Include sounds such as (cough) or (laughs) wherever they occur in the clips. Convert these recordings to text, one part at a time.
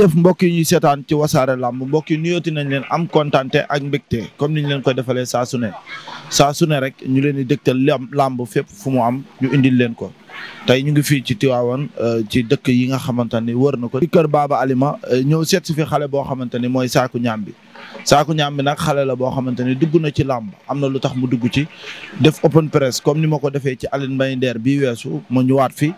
jaajëf mbokk yi ñuy seetaan ci wasaare làmb mbokk yi nuyooti nañ leen am kontaan ak mbégte comme ni ñu leen koy defalee saa su ne saa su rek ñu leen di dégtal làmb fépp fu mu am ñu indil leen ko. tey ñu ngi fii ci Tiwaawan euh, ci dëkk yi nga xamante ni wër na ko. ci kër Baba Alima euh, ñëw seet si fi xale boo xamante ni mooy Saaku Ñaam bi Saku Ñaam bi nag xale la boo xamante ni dugg na ci làmb am na lu tax mu dugg ci def open press comme ni ma ko defee ci Aline Mbaye Nder bii weesu ma ñëwaat fi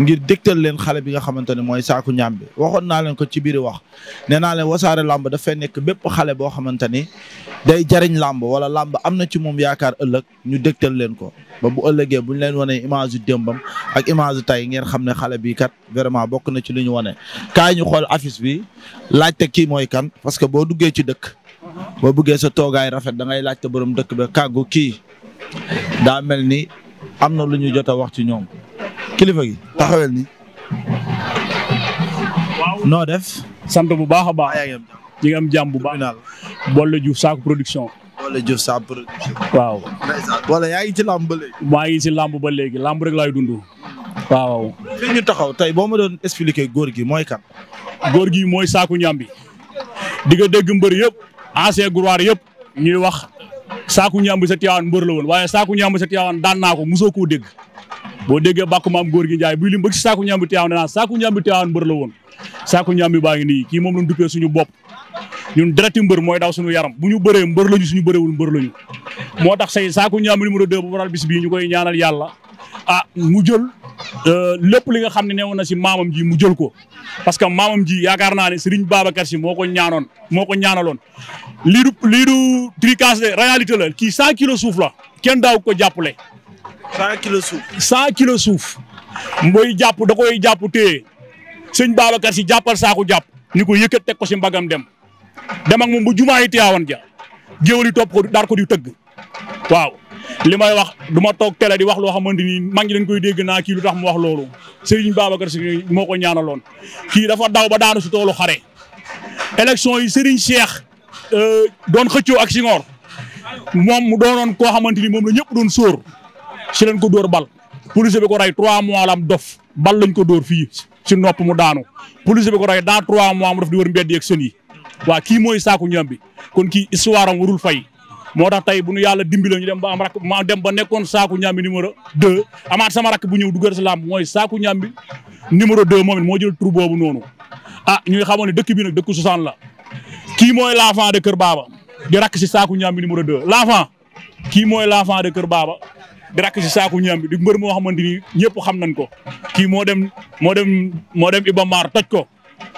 ngir dégtal leen xale bi nga xamante ne mooy Saku Ñaam bi waxoon naa leen ko ci biir wax nee naa leen wasaare làmb dafay nekk bépp xale boo xamante ni day jariñ làmb wala làmb am na ci moom yaakaar ëllëg ñu dégtal leen ko ba bu ëllëgee bu ñu leen wanee image dëmbam ak image yu tey ngeen xam ne xale bi kat vraiment bokk na ci lu ñu wane kaay bi laajte boo bëggee toogaay rafet da ngay laajte borom dëkk ba kàggu ki daa mel ni am na lu ñu jot a wax ci ñoom kilifa gi taxawel ni noo def. sant bu baax a baax. ñu am jàmm bu baax. Bolle saak production. Bolle Diouf Sakho waaw. wala yaa ngi ci làmb ba léegi. maa ngi ci làmb ba léegi làmb rek laay dund. taxaw tey boo ma doon expliquer góor gi mooy kan. góor gi mooy Sakho Ñambi. di nga mbër yëpp. ancien gloire yëpp ñuy wax saaku ñamb sa Tivaouane mbër la woon waaye saaku ñamb sa Tivaouane daan naa ko mosoo koo dégg boo déggee bàkku maam góor gi Njaay buy lim ba ci saaku ñamb Tivaouane danaa saaku ñamb Tivaouane mbër la woon saaku ñambi baa ngi nii kii moom lañ duppee suñu bopp ñun dereti mbër mooy daw suñu yaram bu ñu bëree mbër lañu suñu bëreewul mbër lañu moo tax say saaku ñamb numéro 2 bu waral bis bii ñu koy ñaanal yàlla ah mu jël Euh, lépp li nga xam ne neewoon na si maamam ji mu jël ko parce que maamam ji yaakaar naa ne Serigne Babacar si moo ko ñaanoon moo ko ñaanaloon. lii du lii du tricage de réalité la kii 100 kilos suuf la kenn daaw ko jàppale. 100 kilos suuf 100 kilos suuf. mooy jàpp da koy jàpp téye sëñ Babacar si jàppal saako jàpp ni ko yëkkat teg ko si mbagam dem dem ak moom bu jumaa yi teewoon ja géwél yi topp ko daar ko di tëgg waaw. li may wax du ma toog télé di wax loo xamante ni maa ngi dañ koy dégg naa kii lu tax mu wax loolu Serigne Babacar Sy moo ko ñaanaloon kii dafa daw ba daanu si toolu xare élection yi Serigne Cheikh euh, doon xëccoo ak Senghor moom mu doonoon koo xamante ni moom la ñëpp doon sóor si leen ko dóor bal police bi ko rey trois mois lam dof bal lañ ko door fii si nopp mu daanu police bi ko rey dans trois mois mu def di wër mbedd yeeg sën waa kii mooy saaku ñam moo tax tey bu nu yàlla dimbile ñu dem ba am rakk dem ba nekkoon saaku ñaam bi numéro 2 amaat sama rakk bu ñëw duggal si làmb mooy saaku ñaam bi numéro 2 moom moo jël tur boobu noonu. ah ñuy xamoon ne dëkk bi nag dëkk susaan la kii mooy l'enfant de Kër Baaba di rakk si saaku ñaam bi numéro 2 l'enfant kii mooy l'enfant de Kër Baaba. di rakk si saaku ñaam bi di mbër moo xamante ni ñëpp xam nañ ko kii moo dem moo dem moo dem Iba Mar toj ko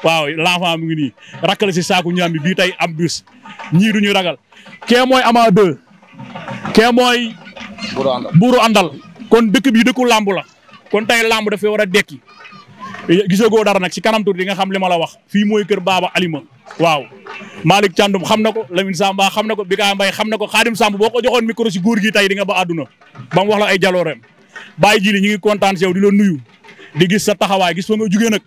waaw l'enfant mu ngi nii rakkale si saaku ñaam bi bii tey am bis ñii du ñu ragal kee mooy ama deux kee mooy buuru àndal kon dëkk bi dëkku làmb la kon tey làmb dafay war a dekki gisagoo dara nag si kanamtu tuuti nga xam li ma la wax fii mooy kër baaba alima waaw Malick Thiandoum xam na ko Lamine Samba xam na ko bi Bika Mbaye xam na ko Khadim Samb boo ko joxoon micro si góor gi tey di nga ba àdduna ba mu wax la ay jalooreem bàyyi ji li ñu ngi kontaan si yow di la nuyu di gis sa taxawaay gis fa nga jugee nag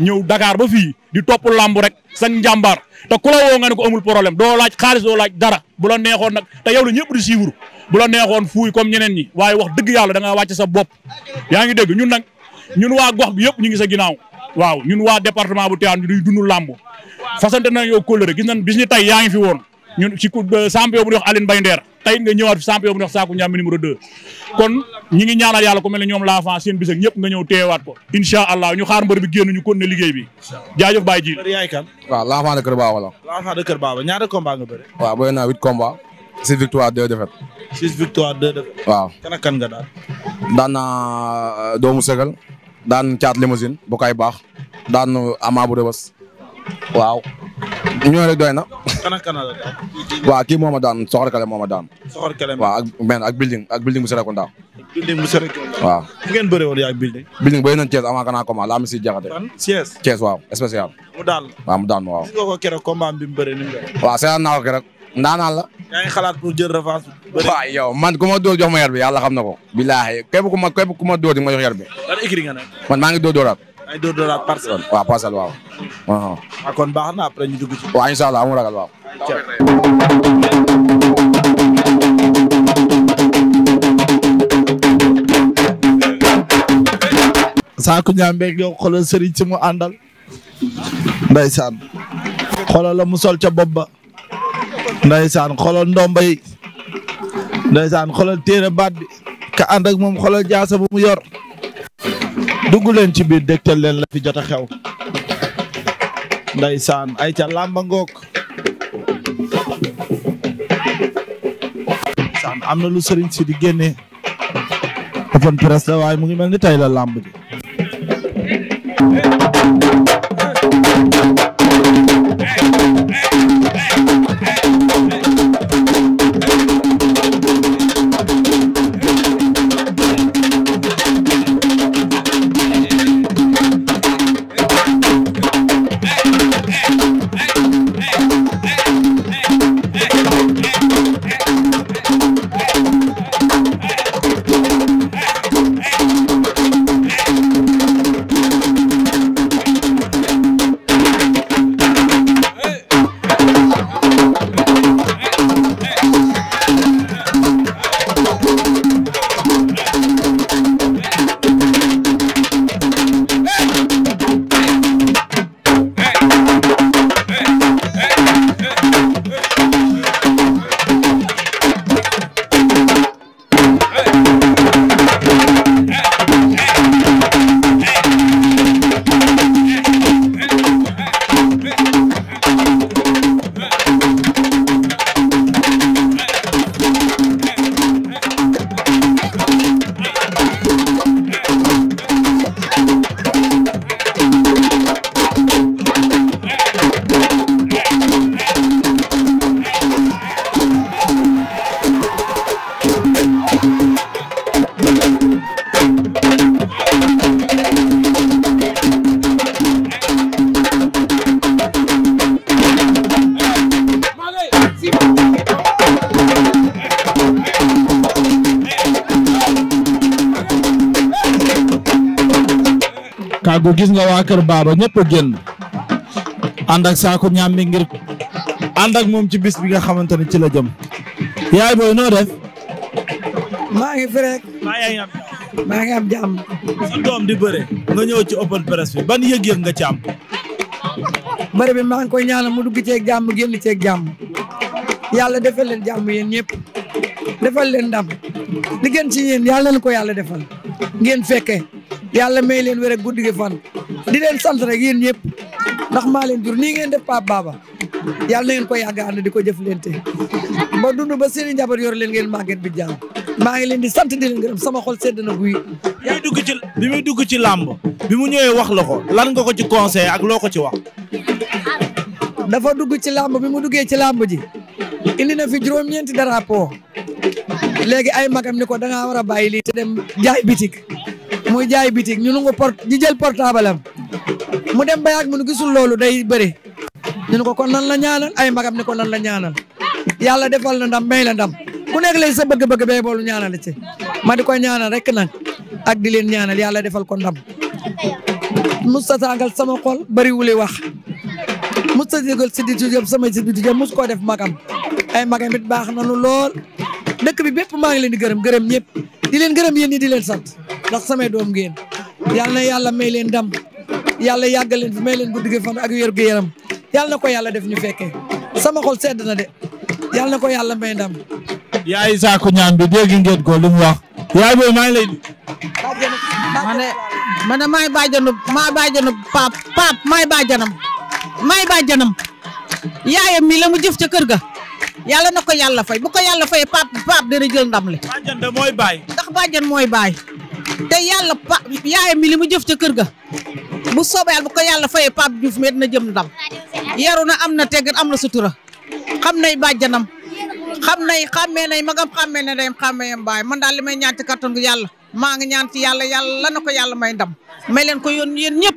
ñëw dakaar ba fii di topp lambu rek sa njàmbaar te ku woo nga ne ko amul problème doo laaj xaalis doo laaj dara bu la neexoon nag te yow la ñëpp di bu la neexoon fuuy comme ñeneen ñi waaye wax dëgg yàlla da ngaa sa bopp. yaa ngi dégg ñun nag ñun waa gox bi yëpp ñu ngi sa ginnaaw waaw ñun waa département bu Tivaouane duy dund làmb fasante na yow na gis nañ bis ñu tey yaa ngi fi woon ñun ci champion bu ñuy wax Aline bay Nder tey nga ñëwaat champion bu ndax Sakho Ndiamé numéro 2 kon ñi ngi ñaanal yàlla ku mel ne ñoom l'enfant seen bis ak nga ñëw teewaat ko incha allah ñu xaar mbër bi génn ñu continuer liggéey bi jaajëf Baye Djil yaay kan waaw l'enfant de Kër Baba la l'enfant de Kër Baba ñaata combat nga bëri waaw booy naa huit combat six victoires deux défaites six victoires deux défaites waaw kan ak kan daan daan naa euh, doomu sëgal daan caat limousine bu kay baax daan amaa bu rëbës waaw ñoo rek doy na. kan ak kan daan. waaw kii moo ma daan soxor kale moo ma daan. soxor kale waaw ak men ak building ak building bu Serekunda. building bu Serekunda. waaw fu ngeen bëree woon yaa ak building. building bëri nañ Thiès avant que naa commencé laa am si jaxate. waaw spécial. mu daan la waaw mu daan waaw. gis nga ko keroog combat bi mu naa ko keroog xalaat pour jël revanche. bëri waaw yow man ku ma dóor jox ma yar yàlla xam na ko. billaahi képp ku ma képp ku ma dóor di ma jox ngi dóor dóoraat ay deux dollars uh-huh. ah, kon baax na après ñu dugg ci. waaw incha allah amul ragal waaw. Sakho Ndiambé yow xoolal Serigne si mu àndal. Ndeysaan. xoolal la mu sol ca bopp ba. Ndeysaan xoolal ndomba yi. Ndeysaan xoolal baat bi. ka ànd ak moom xoolal jaasa mu yor. dugg leen ci biir dégtal leen la fi jot a xew ndeysaan ay ca làmba ngoog am na lu sëriñ si di génne open press waaye mu ngi mel ni tey la làmb tàggu gis nga waa kër Baba ñëpp a génn ànd ak saako ñàmbi ngir ànd ak moom ci bis bi nga xamante ne ci la jom yaay booy noo def. maa ngi fi rek. maa ngi am jam ngi am jàmm. sa doom di bëre nga ñëw ci open press bi ban yëg-yëg nga ci am. bi maa ngi koy ñaanal mu dugg ceeg jàmm génn ceeg jàmm yàlla defal leen jàmm yéen ñëpp leen ndam li gën ci yéen yàlla na ko yàlla defal ngeen fekkee. yàlla may leen wér ak guddi gi fan di leen sant rek yéen ñëpp ndax maa leen jur nii ngeen de Pape Baba yàlla na ngeen ko yàgg ànd di ko jëflante ba dund ba seen i njaboot yor leen ngeen màgget bi jàmm maa ngi leen di sant di leen gërëm sama xol sedd na guy. bi muy dugg ci bi muy dugg ci làmb bi mu ñëwee wax la ko lan nga ko ci conseil ak loo ko ci wax. dafa dugg ci làmb bi mu duggee ci làmb ji indi na fi juróom-ñeenti drapeau léegi ay magam ni ko da ngaa war a bàyyi lii te dem jaay muy jaay bitig ñu nangu port di jël portable mu dem ba yàgg mu gisul loolu day bëri. ñu ne ko kon nan la ñaanal ay magam ne ko nan la ñaanal yàlla defal na ndam may la ndam ku nekk léegi sa bëgg-bëgg bee boolu ñaanal ci ma di koy ñaanal rekk nag ak di leen ñaanal yàlla defal ko ndam. Moussa Sangal sama xol bëriwul wax Moussa Sangal si di jëm sama si di jëm mos koo def magam ay magam it baax nanu lool dëkk bi bépp maa ngi leen di gërëm gërëm ñëpp di leen gërëm yéen ñi di leen sant. ndax samay doom ngeen yal na yàlla may leen ndam yàlla yàggaleen leen fi may leen gudd gi fan ak wér gu yaram yàlla na ko yàlla def ñu fekkee sama xol sedd na de yàlla na ko yàlla may ndam. yaay Sakho ñaan bi dégg ngeen ko lu mu wax. yaay booy maa ngi lay. ma a ma ne maay bàjjanu maa bàjjanu paap paap maay bàjjanam maay bàjjanam yaayam mi la mu jëf ca kër ga. yàlla na ko yàlla fay bu ko yàlla fayee paap paap jël ndam li. bàjjan de mooy baay. mooy baay. te yàlla pa yaayam mi li mu jëf ca kër ga bu soobee yàlla bu ko yàlla fayee Pape Diouf mi dina jëm ndam yaru na am na teggin am na sutura xam nay bàjjanam xam nay xàmmee nay magam xàmmee na dayam xàmmee baay man daal li may ñaan ci kàttanu yàlla maa ngi ñaan ci yàlla yàlla na ko yàlla may ndam may leen ko yóon yéen ñëpp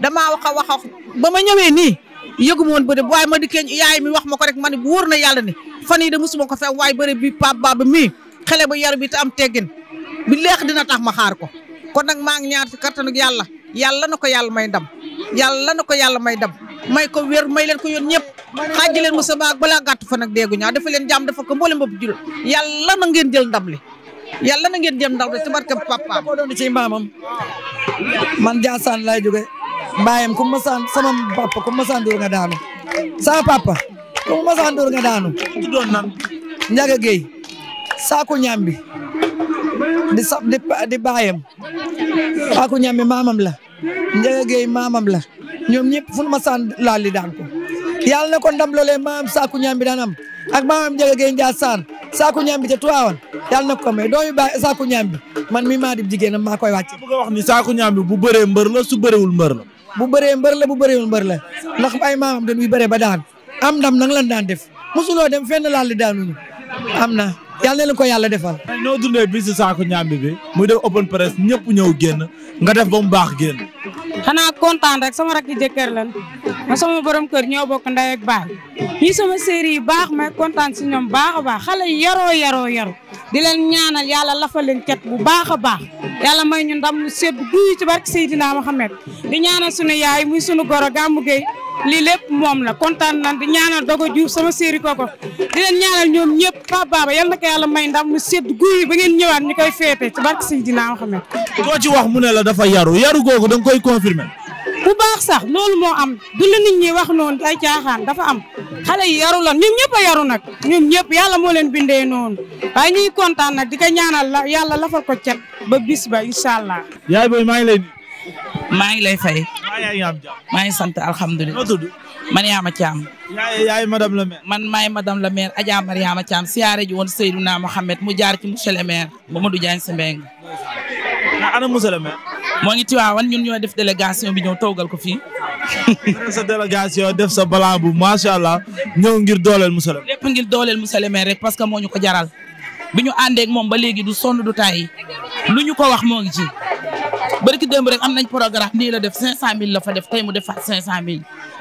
damaa wax a wax ba ma ñëwee nii yëgu ma woon bëri waaye ma dikkee yaay mi wax ma ko rek ma ne bu wóor na yàlla ni fan yi de musuma ko fekk waaye bëri bi Pape Baba mii xale bu yaru bi te am teggin bi leex dina tax ma xaar ko kon nag maa ngi ñaar ci kattanug yàlla yàlla na ko yàlla may ndam yàlla na ko yàlla may ndam may ko wér may leen ko yoon ñëpp xaaj leen Moussa Ba balaa gàtt fa nag deegu ñaaw dafa leen jàmm dafa ko mboolem bopp jul yàlla na ngeen jël ndam li yàlla na ngeen jël ndam li ci barke papaam moo doon ci maamam man Jaasaan laay jóge mbaayam ku ma saan sama papa ku ma saan dóor nga daanu sama papa ku ma saan dóor nga daanu Njaga Géey saako ñaam bi di sax di di baayam Aku Ñambi maamam la Njaga Géey maamam la ñoom ñëpp fu ma saan laal li daan ko yàlla na ko ndam loolee maam Saaku Ñambi daan am ak maamam Njaga Géey Njaasaan Saaku Ñambi te Tiwaawan yàlla na ko may doomi baay Saaku Ñambi man mi maa di jigéenam maa koy wàcc bu nga wax ni Saaku bu bëree mbër la su bëreewul mbër la bu bëree mbër la bu bëreewul mbër la ndax ay maamam dañuy bëree ba daan am ndam nang lan daan def mosuloo dem fenn laal li am na yàlla na leen ko yàlla defal. ñoo dundee bii si saako ñaambi bi muy def open press ñëpp ñëw génn nga def ba mu baax génn. xanaa kontaan rek sama rakk jëkkër lan ma sama borom kër ñoo bokk ndey ak baay ñi sama séeri yi baax may kontaan si ñoom baax a baax xale yaroo yaroo yaru di leen ñaanal yàlla lafa leen cat bu baax a baax yàlla may ñu ndam lu sedd guy ci barke Seydina Mohamed di ñaanal sunu yaay muy sunu goro Gamou Gueye lii lépp moom la kontaan nan di ñaanal dogo Diouf sama séeri koko di leen ñaanal ñoom ñëpp Pape Baba yal na ko yàlla may ndam lu sedd guy ba ngeen ñëwaat ñu koy féete ci barke Seydina Mohamed koo ci wax mu ne la dafa yaru yaru googu danga koy confirmé. bu baax sax loolu moo am du la nit ñi wax noon ay caaxaan dafa am xale yi yaru lan a yaru nag ñoom ñëpp yàlla moo leen bindee noon waaye ñuy kontaan nag di ko ñaanal la yàlla lafal ko cet ba bis ba incha allah. yaay booy ngi lay. maa ngi lay fay. maa ngi sant alhamdulilah. man yaama caam. yaay yaay madame la maire. man maay madame la maire Adja Mariama Caam siyaare ji woon Seydouna Mohamed mu jaar ci monsieur le maire Mamadou Diagne Sy Mbengue. ana monsieur le moo ngi Tiwaawan ñun ñoo def délégation bi ñoo toogal ko fii. (laughs) sa délégation def sa balaa bu macha allah ñëw ngir dooleel Moussa Lemay. lépp ngir dooleel Moussa Lemay rek parce que moo ñu ko jaral bi ñu àndeek moom ba léegi du sonn du taay lu ñu ko wax moo ngi ci. barki démb rek am nañ programme nii la def 500000 la fa def tey mu defaat 500000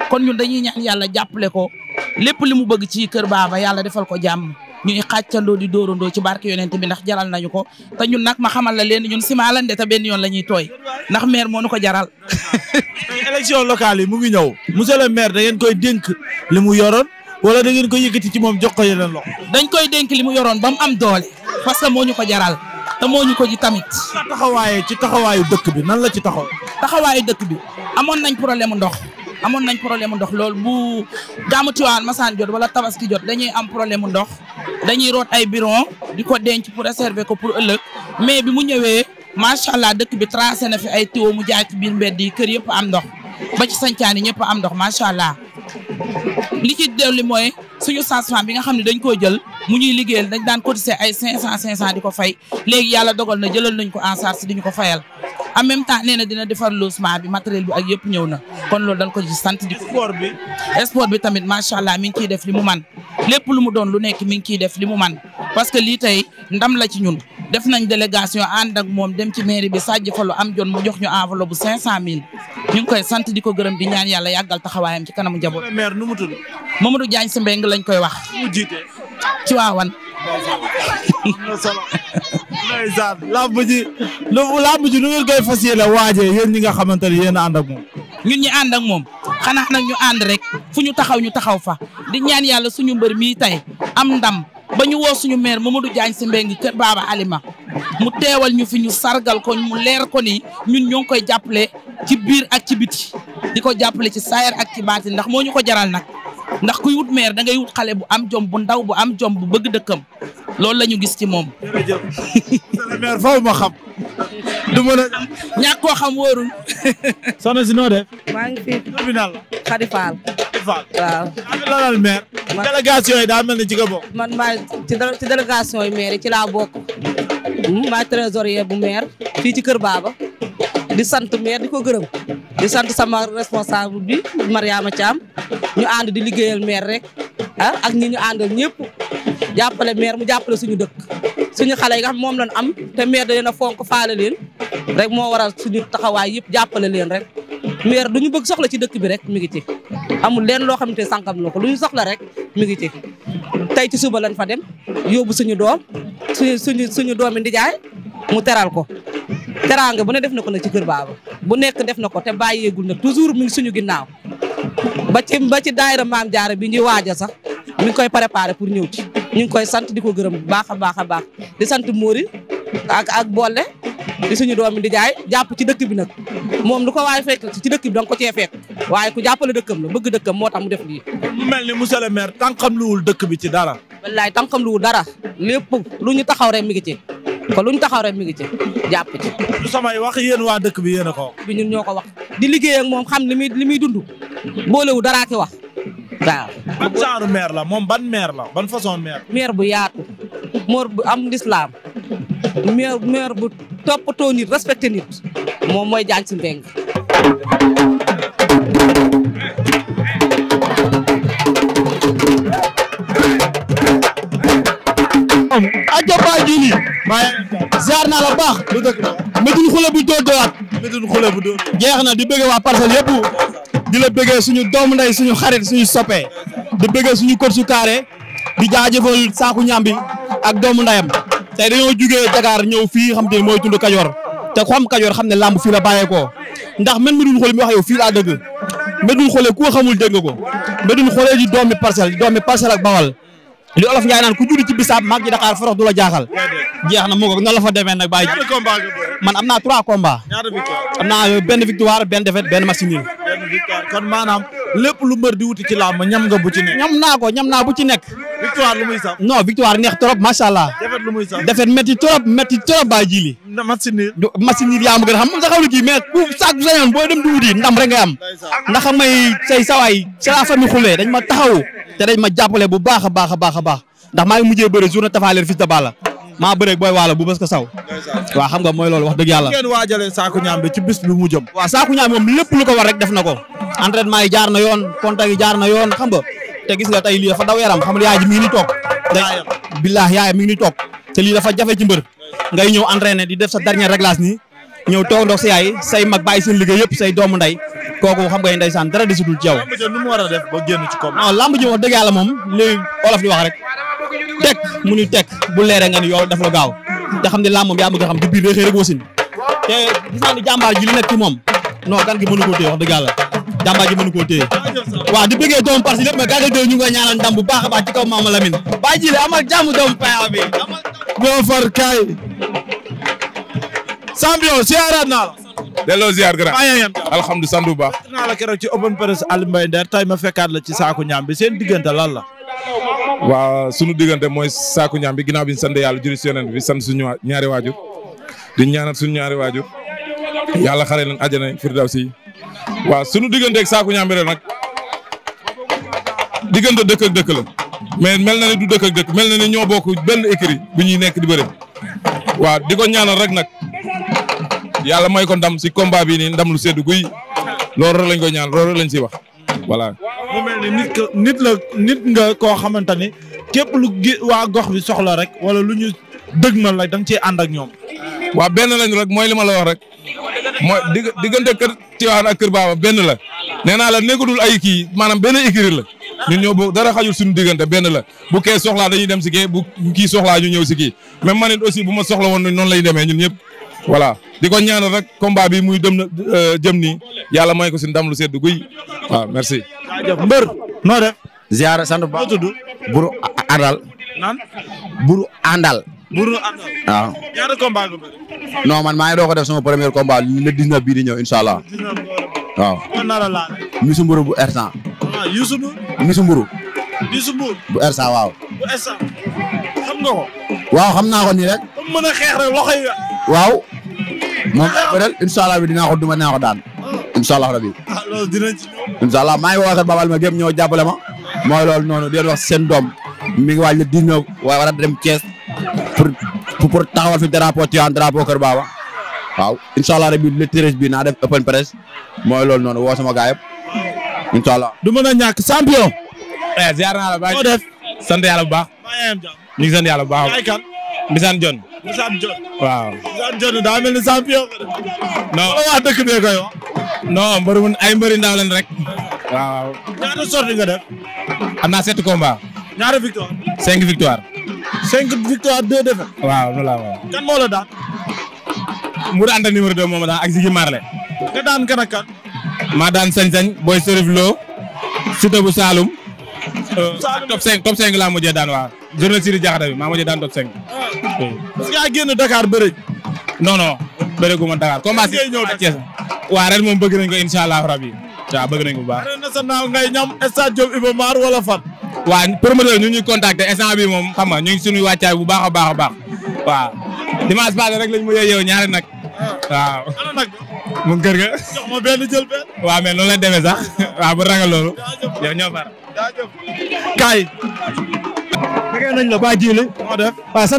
kon ñun dañuy ñaan yàlla jàppale ko lépp li mu bëgg ci kër baaba yàlla defal ko jàmm. ñu ñuy xàccandoo di dóorandoo ci barke yonent bi ndax jaral nañu ko te ñun nag ma xamal la leen ñun Simalande te benn yoon la ñuy tooy ndax maire moo nu ko jaral. (laughs) élection locale yi mu ngi ñow monsieur sele maire da ngeen koy dénk li mu yoroon wala da ko koy yëkkati ci moom jox ko yeneen loxo. dañ koy dénk li mu yoroon ba mu am doole parce que moo ñu ko jaral. te moo ñu ko ji tamit. taxawaaye ci taxawaayu dëkk bi nan la ci taxaw. taxawaayu dëkk bi amoon nañ problème ndox. amoon nañ problème mu ndox loolu bu gàmmu Tiwaawan masaan jot wala tabaski jot dañuy am problème mu ndox dañuy root ay biron di ko denc pour réserver ko pour ëllëg mais bi mu ñëwee macha allah dëkk bi tracé na fi ay tuyau mu jaay ci biir mbedd yi kër yëpp am ndox ba ci sancaan yi ñëpp am ndox macha allah li ci mooy. suñu cent francs bi nga xam ne dañ koo jël mu ñuy liggéeyal dañ daan cotiser ay cinq cent cinq cent di ko fay léegi yàlla dogal na jëlal nañ ko en charge di ñu ko fayal en même temps nee na dina defar logement bi matériel bi ak yëpp ñëw na kon loolu dañ ko ci sant di ko sport bi bi tamit macha allah mi ngi ciy def li mu man lépp lu mu doon lu nekk mi ngi ciy def li mu man parce que lii tey ndam la ci ñun def nañ délégation ànd ak moom dem ci mairie bi Sadji Fallou am jon mu jox ñu enveloppe bu cent mille ñu ngi koy sant di ko gërëm di ñaan yàlla yàggal taxawaayam ci kanamu njaboot maire nu mu Mamadou jaañ si mbeng lañ koy wax. mu jiite. ci waawan. ndeysaan làmb ji lu làmb nu ngeen koy fas yéene waajee nga xamante ne yéen moom. ñun ñi ànd ak moom xanaa nag ñu ànd rek fu ñu taxaw ñu taxaw fa di ñaan yàlla suñu mbër mii tey am ndam ba ñu woo suñu maire Mamadou Diagne si mbéy mi kër Baba Alima mu teewal ñu fi ñu sargal ko mu leer ko ni ñun ñoo koy jàppale ci biir ak ci biti di ko jàppale ci saayar ak ci baati ndax moo ñu ko jaral nag. ndax kuy wut maire da ngay wut xale bu am jom bu ndaw bu am jomb bu bëgg dëkkam loolu lañu gis ci moom. jërëjëf maire faaw xam. du mën a ñàkk xam wóorul. soxna si noo def. maa ngi fi. tribunal la. Khady Fall. waaw. yi daa mel ni ci nga bokk. man maa ci ci délégation yi yi ci laa bokk. Hmm? bu maire. fii ci Kër Baaba. di sant maire di ko gërëm. di sant sama responsable bi Mariama Thiam. ñu ànd di liggéeyal maire rek ah ak ñi ñu àndal ñëpp jàppale maire mu jàppale suñu dëkk suñu xale yi nga moom lañu am te maire da leen a fonk faale leen rek moo waral suñu taxawaay yëpp jàppale leen rek maire du ñu bëgg soxla ci dëkk bi rek mi ngi ci amul leen loo xamante ne sànkam na ko lu ñu soxla rek mi ngi ci tey ci suba lañ fa dem yóbbu suñu doom suñu suñu suñu doomi ndijaay mu teral ko teraanga bu ne def na ko nag ci kër baaba bu nekk def na ko te bàyyeegul nag toujours mu suñu ginnaaw ba ci ba ci daayira maam jaara bi ñuy waajal sax mi ngi koy préparé pour ñëw ci ñu ngi koy sant di ko gërëm bu baax a baax a baax di sant Mory ak ak Bolle di suñu doomi di jaay jàpp ci dëkk bi nag moom lu ko waaye fekk ci dëkk bi danga ko cee fekk waaye ku jàppale dëkkam la bëgg dëkkam moo tax mu def lii. mu mel ni monsieur le maire tànqam luwul dëkk bi ci dara. wallaay tànqam luwul dara lépp lu ñu taxaw rek mi ngi ci. kon luñ taxaw rek mi ngi ci jàpp samay wax yéen waa dëkk bi yéen a ko. bi ñu ñoo ko wax di liggéey moom xam li muy li muy dund boolewu daraa ki wax waaw. ban genre maire la moom ban meer la ban façon maire. maire bu yaatu maire bu am lislaam maire maire bu toppatoo nit respecté nit moom mooy Diagne Sy am aja pa jili ziar naa la baax métun xule bu dóor dóoraat métun xule bu jeex na di bëggee waa parcelle yëpp di la bëggee suñu doomu ndey suñu xarit suñu soppee di bëggee suñu kër su carré di jaajëfal saaku ñambi ak doomu ndayam tey dañoo jugee Dakar ñëw fii xam te ne mooy tund Kajoor te xam Kajoor xam ne làmb fii la ko ndax man Médoune Xolé mi wax yow fii laa dëgg Médoune Xolé ku xamul dégg nga ko Médoune Xolé di doomi parcelle doomi parcelle ak bawal li olof Njaay naan ku juddu ci bisaab mag ji Dakar forox du la jaaxal. jeex na mu ngoog noonu la fa demee nag bàyyi ji. man am naa trois combats. am naa benn victoire benn défaite benn machine yi. kon maanaam lépp lu mbër di wuti ci làmb ñam nga bu ci nekk. ñam naa ko ñam naa bu ci nekk. victoire lu muy sax. non victoire neex trop macha allah. défaite lu muy sax défaite métti trop métti trop baa ji li. machine yi machine yi yaa ma gën a xam nga xamul kii mais bu saako sañoon boo dem di wuti ndam rek ngay am. ndax say sawaay c'est la famille dañ ma taxaw te dañ ma jàppale bu baax a baax a baax a baax ndax maa ngi mujjee bëre journée tafaaleer fii Tabala maa bëreeg booy waalo bu bës ko waaw xam nga mooy loolu wax dëgg yàlla ngeen waajalee saaku ñaam bi ci bis bi mu jëm saaku ñaam moom lépp lu ko war rek def na ko entraînement yi jaar na yoon contact yi jaar na yoon xam nga te gis nga tey yaay mi ni toog billaah yaay mi ngi ni toog te lii dafa jafe ci mbër ngay ñëw entraîné di def sa dernier réglage nii ñëw toog ndox si yaay say mag bàyyi seen liggéey yëpp say doomu ndey kooku xam nga ndeysaan dara desidul ci yow. lamb ji nu mu war a def ba génn ci kaw. non lamb ji wax dëgg yàlla moom li olof di wax rek teg mu ni teg bu leeree nga ni yow dafa gaaw te ne làmb moom yaa ma nga xam di biir wasin te gis naa ni jàmbaar ji nekk moom non gan gi mënu koo téye wax dëgg yàlla jàmbaar ji mënu koo téye waaw di bëggee doom parce que lépp mais gàdda doy ñu ngi koy ñaanal ndam bu baax a baax ci kaw Mama Lamine baa ji le amal jàmm doomu bi ñoo far kaay champion siyaaraat naa la delloo ziar grand alhamdulilah sant bu baax naa la keroog ci open press Aliou Mbaye Nder ma fekkaat ci saaku ñaam bi seen diggante lan la waa sunu diggante mooy saaku ñaam bi ginnaaw bi ñu sant yàlla juri si yonent bi sant suñu ñaari waajur di ñaanal suñu ñaari waajur yàlla xare leen aw si waaw sunu digganteeg saaku ñaam bi nag diggante dëkk ak dëkk la mais mel na ni du dëkk ak dëkk mel na ni ñoo bokk benn écrit bu ñuy nekk di bëre waaw di ko ñaanal rek nag yàlla may ko ndam si combat bi nii ndam lu seddu guy loolu rek lañ ko ñaan loolu rek lañ siy wax mu mel ni nit la nit nga koo xamante ni képp lu gi waa gox bi soxla rek wala lu ñu dëgmal rek da nga cee ànd ak ñoom. waa benn lañ rek mooy li ma la wax rek mooy digg diggante kër Tivaouane ak kër Baba benn la nee naa la nekkutul ay kii maanaam benn écurie la ñun ñoo bokk dara xajul suñu diggante benn la bu kee soxlaa dañuy dem si kii bu kii soxlaa ñu ñëw si kii. mais man it aussi bu ma soxla woon noonu lay demee ñun ñëpp. voilà di ko ñaanal rek combat bi muy dem na euh, jëm nii yàlla may ko si ndam lu sedd guy waaw merci. mbër noo def. ziar ba tudd. buru àndal. naan buru àndal. aa àndal. waaw. ñaata combat nga man maa doog ko premier combat le 19 bii ñëw incha waaw. kon Mburu bu R100. Ah, waaw. waaw xam naa ko nii rek. waaw moom bëral bi dinaa ko duma dinaa ko daan incha allah rabi. ah loolu dinañ ci ñëw. incha allah maa ngi woowaat babal ma gëm ñoo jàppale ma mooy loolu noonu di leen wax seen doom mi ngi waaj le 19 waaye war a dem Thiès pour pour taxawal fi drapeau Tivaouane drapeau Kër Baba waaw incha allah rabi le treize bi naa def open press mooy loolu noonu woo sama gaay yëpp incha allah. du mën a ñàkk champion. Eh, ziar naa la baax. sant yàlla bu baax. ñu ngi sant yàlla bu baax. Mbisaan John. Ndeysaan John waaw. Ndeysaan John daa mel ni champion. non wala waa dëkk bee ay mbëri ndaw rek. waaw. ñaata sorti nga def. am naa sept combats. victoire. cinq victoire. cinq victoire deux défaites. waaw loolu laa waaw. kan moo la daan. deux moom daan ak Ziggy maa daan sañ-sañ booy Serif Lo. Siteu bu Saloum. top 5 laa mujjee daan waaw. journal Sidi Diakhate bi maa ma ci daan dot 5. parce que yaa génn Dakar bëri. non non bëri gu ma Dakar. combat si Thiès waaw ren moom bëgg nañ ko incha allah rabi. waaw bëgg nañ ko bu baax. arène nationale ngay ñam stade Diop Iba Mar wala fan. waaw promoteur ñu ñuy contacter bi moom xam nga ñu ngi suñu wàccaay bu baax a baax a baax. waaw dimanche passé rek lañ ma yëy ñaari nag. Ah. waaw ana nag. mu kër ga. jox ma benn jël benn. waaw mais noonu la demee (laughs) bu ragal loolu. yow far. kaay. fekkee nañ la baa jiili moo def waaw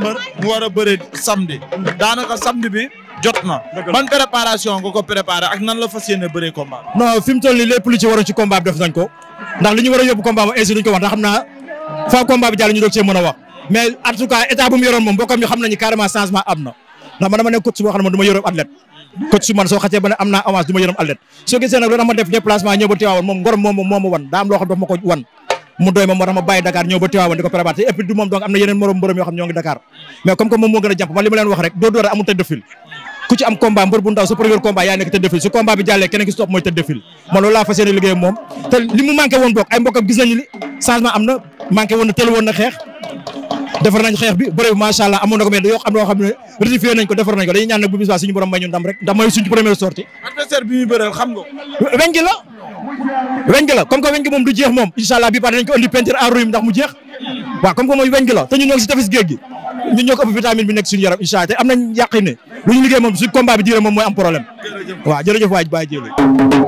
mu war a bëre samedi daanaka samedi bi jot na ban préparation ko préparé ak nan la fas yéene bëree combat non fi toll nii lépp lu ci waroon ci combat bi def nañ ko ndax li war a yóbbu combat ba ainsi duñ ko wax ndax xam naa fa combat bi jàll ñu doog see mën a wax mais en tout cas état bu yoroon moom bokkam xam nañu carrément changement am na ndax man dama ne coach boo xam ne man ma du ma yoroon athlète soo mu doy ma moo tax ma bàyyi Dakar ñëw ba Tivaouane di moom donc am na yeneen morom mbërëm yoo xam ñoo ngi Dakar mais comme que moom moo gën a jàpp ma leen wax woon boog ay mbokkam gis nañu li changement am na manqué woon na woon na xeex defar nañ xeex bi bëre allah amoon na ko yoo xam loo xam ne nañ ko defar nañ ko dañuy ñaan nag bu bis baa suñu borom may ñu ndam rek ndam mooy suñu première adversaire bi muy bëreel xam nga weñ gi comme que weñ gi du jeex moom incha bi pare dañ ko indi peinture en ruine ndax mu jeex waaw comme que mooy weñ gi te ñu ñoo si tefes gi ñun ñoo ko ëpp vitamine bi nekk suñu yaram incha allah te am nañ yàqin lu ñu liggéey moom su combat bi diire moom mooy am problème waaw jërëjëf waay baay jëlee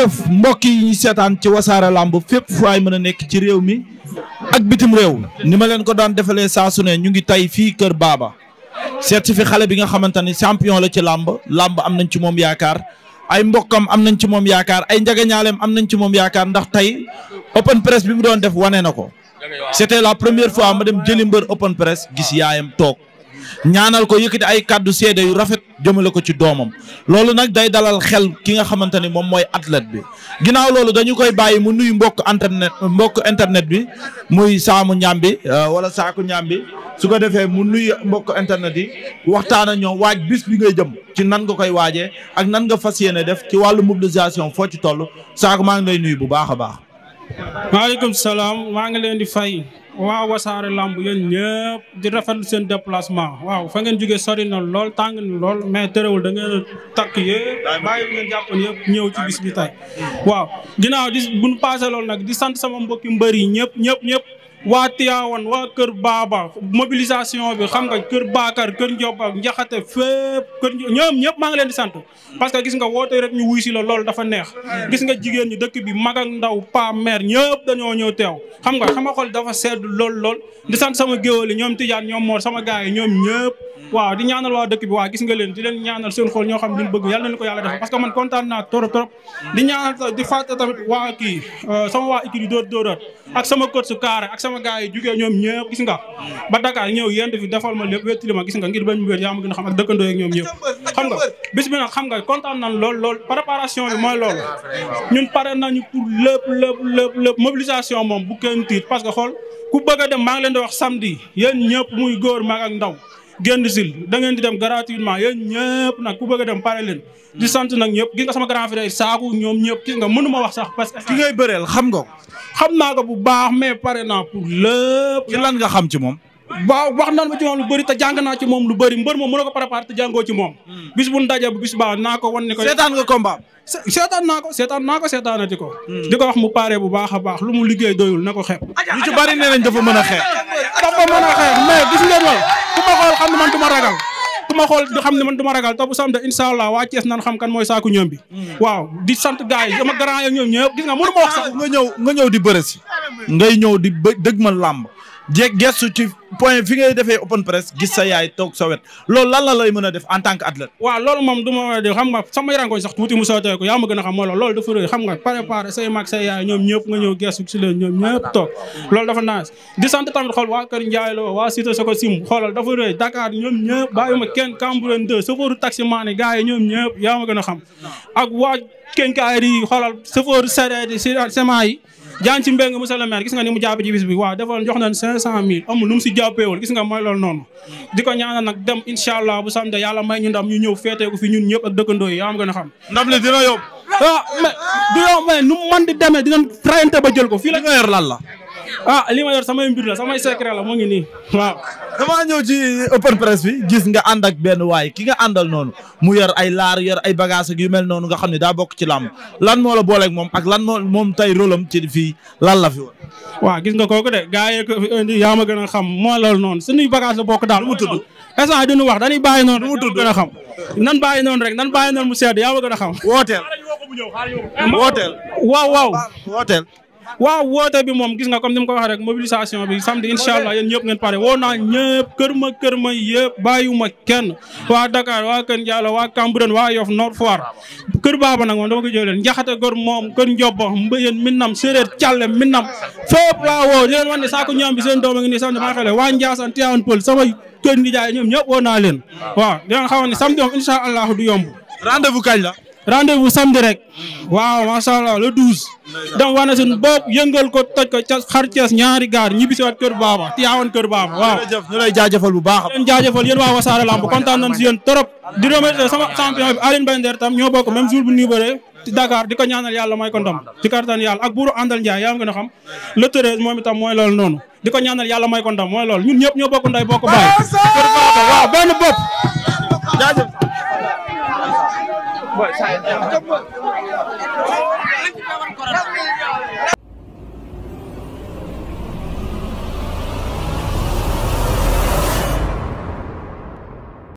jërëjëf mbokk yi ñu seetaan ci wasaare làmb fépp fu ay mën nekk ci réew mi ak bitim réew ni ma leen ko daan defalee saa su ne ñu ngi tey fii Kër Baaba seet fi xale bi nga xamante ne champion la ci làmb làmb am nañ ci moom yaakaar ay mbokkam am nañ ci moom yaakaar ay njagañaaleem am nañ ci moom yaakaar ndax tey open press bi mu doon def wane na ko c'était la première fois ma dem jëli mbër open press gis yaayam toog ñaanal ko yëkkati ay kàddu seede jëmale ko ci doomam loolu nag day dalal xel ki nga xamante ni moom mooy athlète bi ginnaaw loolu dañu koy bàyyi mu nuyu mbokk internet mbokk internet bi muy saamu ñaam bi euh, wala saaku ñaam bi su ko defee mu nuy mbokk internet yi waxtaan ak ñoom waaj bis bi ngay jëm ci nan nga koy waajee ak nan nga fas yéene def ci wàllu mobilisation foo ci toll saaku maa ngi lay nuyu bu baax a baax. maaleykum salaam maa ngi leen di fay. waaw wasaare lamb yéen ñëpp di lu seen déplacement waaw fa ngeen jóge sori na lool tàng ni lool mais terewul da ngeen takk yëpp bàyyi ngeen jàppoon yëpp ñëw ci bis bi tey waaw ginnaaw di buñ passé loolu nag di sant sama mbokki mbër yi ñëpp ñëpp ñëpp waa Tivaouane waa Kër Baaba mobilisation bi xam nga Kër Bakar Kër Ndiob ak Njaxate fépp kër ñoom ñëpp maa ngi leen di sant parce que gis nga woote rek ñu wuy si la loolu dafa neex gis nga jigéen ñi dëkk bi mag ak ndaw pa mère ñëpp dañoo ñëw teew xam nga sama xol dafa sedd lool lool di sant sama géwël yi ñoom Tijaan ñoom Moor sama gars yi ñoom ñëpp waaw di ñaanal waa dëkk bi waa gis nga leen di leen ñaanal seen xool ñoo xam duñ bëgg yàlla nañu ko yàlla defal parce que man kontaan naa trop trop di ñaanal di fàtte tamit waa kii euh, sama waa équipe yi dóor dóoraat ak sama coach su kaare ak sama gars yi jugee ñoom ñëpp gis nga ba Dakar ñëw yéen fi defal ma lépp wéttali ma gis nga ngir bañ mu yaa ma gën a xam ak dëkkandoo yeeg ñoom ñëpp xam nga bis bi xam nga kontaan nañ lool lool préparation bi mooy loolu ñun pare nañu pour lépp lépp lépp moom bu kenn tiit parce que xool ku bëgg dem maa ngi leen di wax samedi yéen ñëpp muy góor mag ak ndaw génn sil da ngeen di dem gratuitement yéen ñëpp nag ku bëgg dem pare leen di sant nag ñëpp gi nga sama grand frère saaku ñoom ñëpp ki nga mënuma wax sax parce que ki ngay bëreel xam nga xam naa ko bu baax mais pare naa pour lépp ci lan nga xam ci moom waaw wax naan ma ci moom lu bëri te jàng naa ci moom lu bëri mbër moom mënoo ko préparé te jàngoo ci moom hmm. bis bu ndaje bu bis baa naa ko wan ni ko seetaan nga combat seetaan naa ko seetaan naa ko seetaanati ko hmm. di ko wax mu paree bu baax a baax lu mu liggéey doyul na ko xeeb ñu ci bëri nee nañ dafa mën a xeex dafa mën a xeex mais gis ngeen ma ku ma xool xam ne man du ma ragal ku ma xool xam ne man du ragal te bu samde incha allah waa Thiès nan xam kan mooy saaku ñoom bi hmm. waaw di jéeg gestu ci point fi ngay defee open press gis sa yaay toog sa wet loolu lan lay mën a def en tant que athlète waaw loolu moom du ma de xam nga sama yaram sax tuuti mu sotee ko ma gën a xam moo la dafa rëy xam nga préparé say mag say yaay ñoom ñëpp nga ñëw gestu si leen ñoom ñëpp toog loolu dafa naas di sant tamit xool waa kër Ndiaye Lo waa Cité Soko Sim xoolal dafa rëy Dakar ñoom ñëpp bàyyuma kenn Cambérène 2 chauffeur taxi a jaan ci mbéng monsieur le maire gis nga ni mu jàpp ci bis bi waaw defoon jox nañ cinq cent mille amul lu mu si jàppeewul gis nga mooy loolu noonu di ko nag dem incha bu samedi yàlla may ñu ndam ñu ñëw feetee fi ñun ñëpp ak dëkkandoo yi yaa am a xam ndam li dina yóbbu ah mais du yomb mais nu man di demee dinañ trayante ba jël ko fii la nga yor la ah li ma yor samay mbir la samay secret la moo ngi nii waaw. sama ñëw ci open press bi gis nga ànd ak benn waay ki nga àndal noonu mu yor ay laar yor ay bagage ak yu mel noonu nga xam ne daa bokk ci làmb lan moo la moom ak lan moo moom tey rôle am ci fii lan la fi woon. waaw gis nga kooku de gars yi ko indi yaa ma gën a xam moo loolu noonu suñuy bagage la bokk daal mu tudd. instant duñu wax dañuy bàyyi noonu mu tudd gën a xam nan bàyyi noonu rek nan bàyyi noonu mu sedd yaa ma gën a xam. wooteel wooteel waaw waaw wooteel. waaw woote bi moom gis nga comme ni ma ko waxee rek mobilisation bi samedi incha allah yéen ñëpp ngeen pare woo naa ñëpp kër ma kër ma yëpp bàyyiwuma kenn waa Dakar waa Kër Ndiallo waa Cambérène waa Yoff Nord Foire kër baaba nag moom dama ko jëleen njaxate gor moom kër njobbo mbëyeen minnam séeréer càlle minnam fépp laa woo di leen wan ne saako ñaam bi seen doom a ngi nii samedi maa xele waa Ndiassane Tivaouane Peulh sama kër ngi jaay ñoom leen waaw di nga xam ne samedi moom dem wane suñu bopp yëngal ko toj ko ca xar Cees ñaari gaar ñibbisiwaat kër baaba tiyaawoon kër baaba waaw ñu lay jaajëfal bu baax leen jaajëfal yéen waa Wassare Lamb kontaan nañ si yéen trop di remercier sama champion bi Aline Bender tam ñoo bokk même jour bu nii bëree ci Dakar di ko ñaanal yàlla may ko ndam ci kattan yàlla ak buuru àndal Ndiaye yaa a ko ndam mooy loolu ñun ñëpp ñoo bokk nday bokk baay waaw benn bopp jaajëf